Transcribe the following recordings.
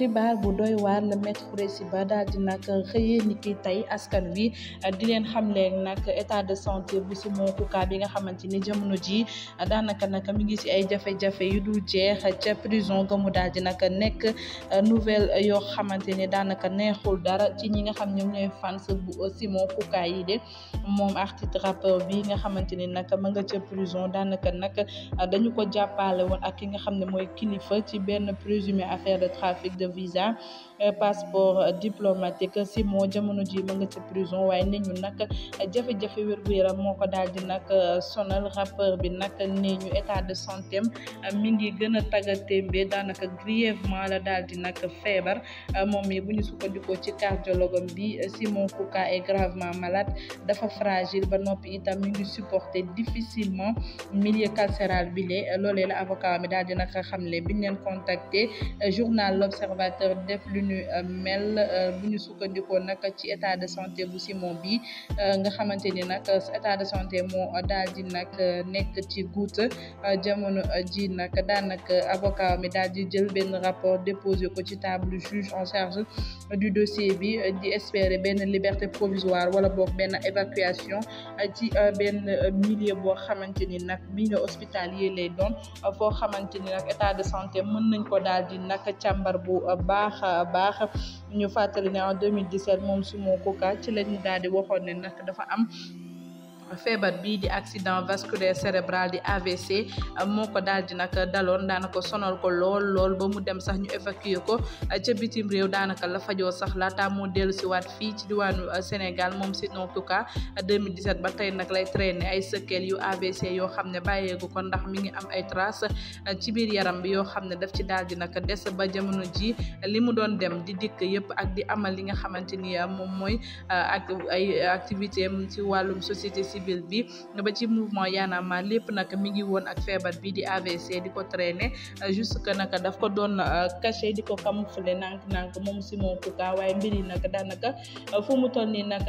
xibaar bu doy waar la maître Khoureychi Ba daal di nag xëyee ni ki tey askan wi di leen xamle nag état de santé bu Sumooku cas bi nga xamante ni jamono ji daanaka nag mi ngi si ay jafe-jafe yu dul jeex ca prison ga mu nekk nouvelle yoo xamante ni daanaka neexul dara ci ñi nga xam ñoom ñooy fans bu Sumooku cas yi de moom artiste rappeur bi nga xamante ni nag ma nga ca prison daanaka nag dañu ko jàppale woon ak ki nga xam ne mooy kilifa ci benn présumé affaire de trafic de visa euh, passeport euh, diplomatique si moo jamono ji ma nga ci prison waye nee ñu nag euh, jafé jafe wér yaram moko daldi nak sonal rappeur bi nak nee ñu état de santé mi ngi gën tagaté tagatémbe daanaka grièvement la daldi nak nag Mon mi bu ñu côté ci cardiologue bi Simon Kouka est gravement malade dafa fragile ba nopi itam mi ngi supporter difficilement milieu carcéral bi lé lolé la avocat mi daldi nak xamlé biñu biñ journal l'Observateur l'observateur def lu ñu euh, mel euh, bu ñu sukkandikoo nag ci état de santé bu Simon bi euh, nga xamante ni nag état de santé moo daal di nag nekk ci guuta jamono ji nag daanaka avocat mi daal di jël benn rapport déposé ko ci table juge en charge du dossier bi di espérer ben liberté provisoire wala boog benn évacuation ci benn milieu boo xamante ni nag milieu hospitalier lay doon foo xamante ni nag état de santé mën nañ ko daal di nag bu bu baax a baax ñu fàttali ne en 2017 moom Soumou Kouka ci lañu daal di waxoon ne nag dafa am feebar bii di accident vasculaire cérébral di AVC moo ko daal nag daloon daanaka sonal ko lool lool ba mu dem sax ñu évacuer ko ca bitim réew daanaka la fajoo sax laata moo dellu si waat fii ci diwaanu euh, Sénégal moom si en tout cas 2017 ba tey nag lay traîner ay séquelles yu AVC yoo xam ne bàyyeegu ko ndax mi ngi am ay traces euh, ci biir yaram bi yoo xam ne daf ci daal di nag des ba jamono ji li mu doon dem di dikk yëpp ak di amal li nga xamante ni euh, moom mooy ak ay ci wàllum société civile civile bi ba ci mouvement Y'en a marre lépp nag mi ngi woon ak feebar bi di AVC di ko traîner juste que nag daf ko doon euh, caché di ko camoufler nank nank moom Simon Kouka waaye mbir yi nag daanaka fu mu toll nii nag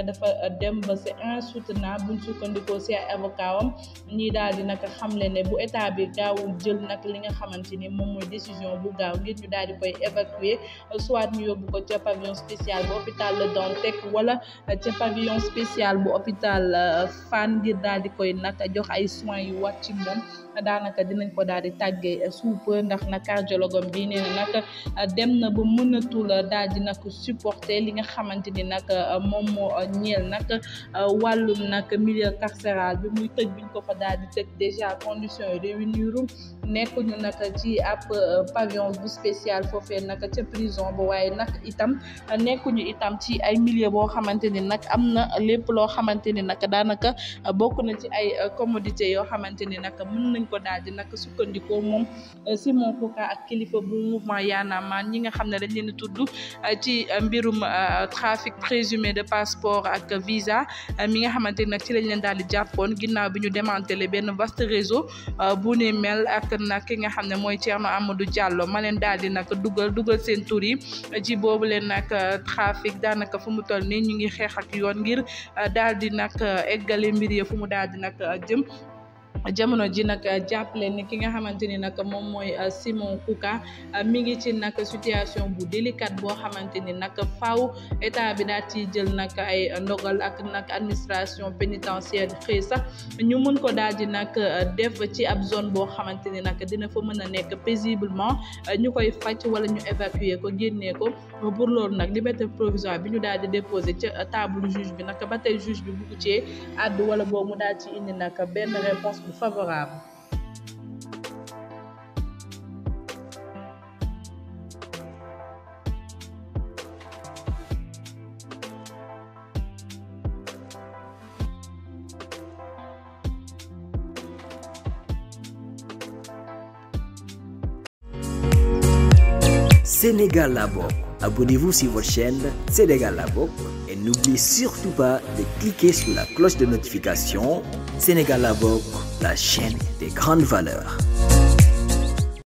daal di xamle ne bu état bi gaawul jël nag li nga xamante ni moom mooy décision bu gaaw ngir ñu daal di koy évacuer soit ñu yóbbu ko ca pavillon spécial bu hôpital Le wala ca pavillon spécial bu hôpital euh, Fann Fann ngir daal di koy a jox ay soins yu war ci moom daanaka dinañ ko daal di tàggee suup ndax na cardiologue am bi nee na nag dem na ba mënatul daal di nag supporter li nga xamante ni nag moom moo ñeel nag wàllum nag milieu carcéral bi muy tëj biñ ko fa daal di tëj déjà condition yi réunir nekkuñu nag ci ab pavillon bu spécial foofee nag ca prison ba waaye nag itam nekkuñu itam ci ay milieu boo xamante ni nag am na lépp loo xamante ni nag daanaka bokk na ci ay commodité yoo xamante lañ ko daal di nag sukkandikoo moom euh, Simon Koka ak kilifa bu mouvement Y'en a ñi nga xam ne dañ leen tudd euh, ci euh, mbirum trafic présumé de passeport ak visa mi nga xamante nag ci lañ leen daal di jàppoon ginnaaw bi ñu démantelé benn vaste réseau bu ne mel ak nag ki nga xam ne mooy Thierno Amadou Diallo ma leen daal di nag dugal dugal seen tur yi ci boobu leen nag trafic daanaka fu mu toll nii ñu ngi xeex ak yoon ngir daal di nag eggale mbir ya fu mu daal di nag jëm jamono ji nag jàppale ni ki nga xamante ni nag moom mooy euh, Simon Kouka euh, mi ngi ci nag situation bu délicate boo xamante ni nag faaw état bi daal ci jël nag ay ndogal ak nag administration pénitentiaire xëy sax ñu mën ko daal ji nag euh, def ci ab zone boo xamante ni nag dina fa mën a nekk paisiblement ñu koy faj wala ñu évacuer ko génnee ko pour loolu nag liberté provisoire bi ñu daal di déposer ca table juge bi nag ba tey juge bi bugg cee àddu wala boobu daal ci indi nag benn favorable. Sénégal Abonnez-vous sur votre chaîne Sénégal et n'oubliez surtout pas de cliquer sur la cloche de notification Sénégal la chaîne des grandes valeurs.